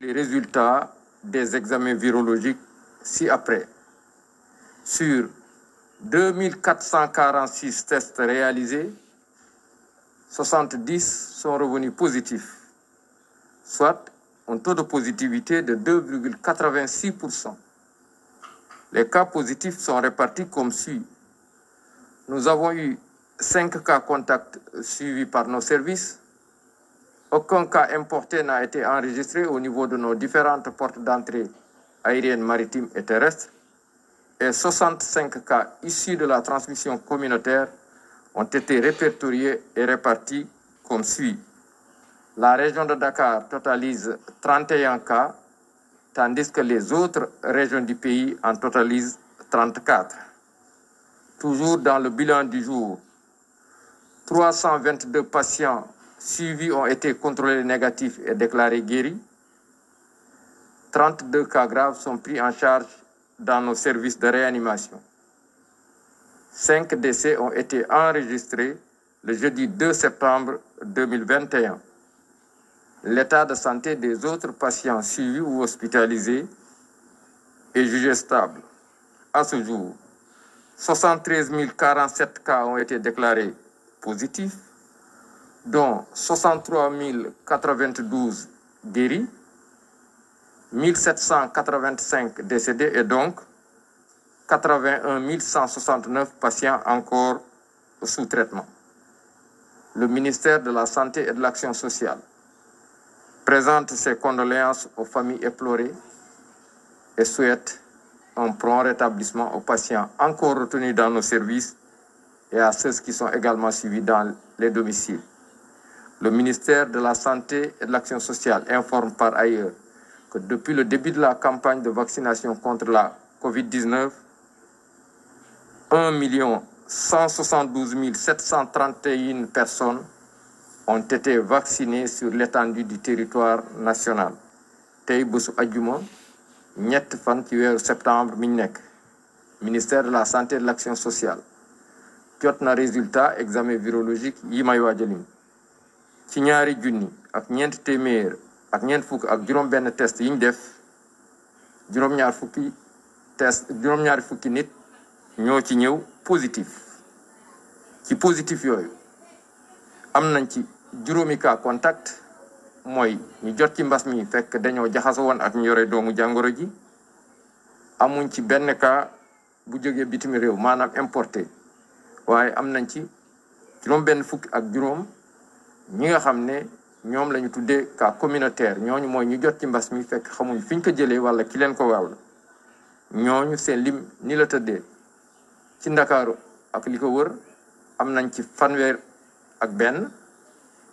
les résultats des examens virologiques ci-après. Sur 2446 tests réalisés, 70 sont revenus positifs, soit un taux de positivité de 2,86%. Les cas positifs sont répartis comme suit. Nous avons eu 5 cas contacts par nos services, Aucun cas importé n'a été enregistré au niveau de nos différentes portes d'entrée aériennes, maritimes et terrestres. Et 65 cas issus de la transmission communautaire ont été répertoriés et répartis comme suit. La région de Dakar totalise 31 cas, tandis que les autres régions du pays en totalisent 34. Toujours dans le bilan du jour, 322 patients suivis ont été contrôlés négatifs et déclarés guéris. 32 cas graves sont pris en charge dans nos services de réanimation. 5 décès ont été enregistrés le jeudi 2 septembre 2021. L'état de santé des autres patients suivis ou hospitalisés est À ce jour, 73 047 cas ont été déclarés dont 63 092 guéris, 1785 décédés et donc 81 169 patients encore sous Le ministère de la Santé et de l'Action sociale présente ses condoléances aux familles éplorées et souhaite un prompt rétablissement aux encore retenus dans nos services et à ceux qui sont dans les Le ministère de la Santé et de l'Action sociale informe par ailleurs que depuis le début de la campagne de vaccination contre la COVID-19, 1 172 731 personnes ont été vaccinées sur l'étendue du territoire national. tey bésu ajjuma ñett fan ci weeru septembre mi ñu nekk ministère de la santé de l'action sociale jot na résultat examen virologique yi may waajalim ci ñaari junni ak ñeent téeméer ak ñeent fukk ak juróom-benn test yi ñu def juróom-ñaar fukki test juróom-ñaari fukki nit ñoo ci ñëw positif ci positif yooyu am nañ ci juróomi cas contact mooy ñu jot ci mbas mi fekk dañoo jaxaso woon ak ñu doomu jàngoro ji amuñ ci benn ka bu jógee bitim réew maanaam importé waaye am nañ ci juróom benn fukki ak juróom ñi nga xam ne ñoom lañu tuddee ka communautaire ñooñu mooy ñu jot ci mbas mi fekk xamuñu fi ñu ko jëlee wala ki leen ko wàll ñooñu seen lim ni la tëddee ci ndakaaru ak li ko wër am nañ ci fanweer ak benn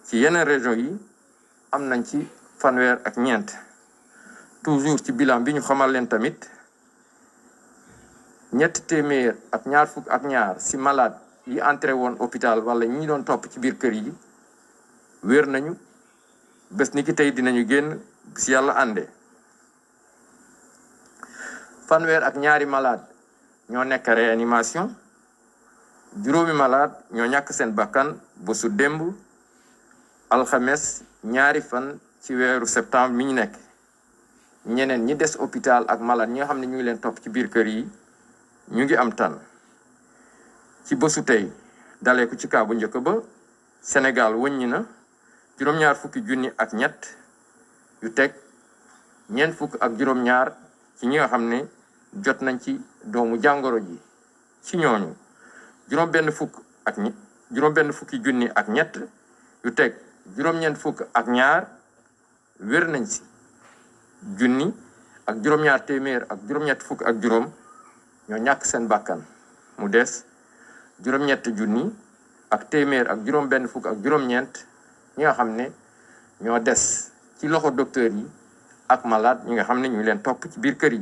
ci yeneen région yi am nañ ci fanweer ak ñeent toujours ci bilan bi ñu xamal leen tamit ñetti téeméer ak ñaar fukk ak ñaar si malade yi entre woon hôpital wala ñi doon topp ci biir kër yi wér nañu bés ni ki tey dinañu génn si yàlla ànde fanweer ak ñaari malade ñoo nekk réanimation juróomi malade ñoo ñàkk seen bakkan bésu démb alxames ñaari fan ci weeru septembre mi ñu nekk ñeneen ñi des hôpital ak malade ñi xam ne ñu ngi leen topp ci biir kër yi ñu ngi am tan ci bésu tey daleku ci kaa njëkk ba Sénégal wëññi na juróom-ñaar fukki junni ak ñett yu teg ñeent fukk ak juróom-ñaar ci ñi nga xam ne jot nañ ci doomu jàngoro ji ci ñooñu juróom benn fukk ak juróom benn fukki junni ak ñett yu teg juróom-ñeent fukk ak ñaar wér nañ ci junni ak juróom-ñaar téeméer ak juróom-ñett fukk ak juróom ñoo ñàkk seen bàkkan mu des juróom téeméer ak juróom fukk ak juróom-ñeent ñi nga xam ne ñoo des ci loxo docteur yi ak malaat ñi nga xam ne ñu leen topp ci biir kër yi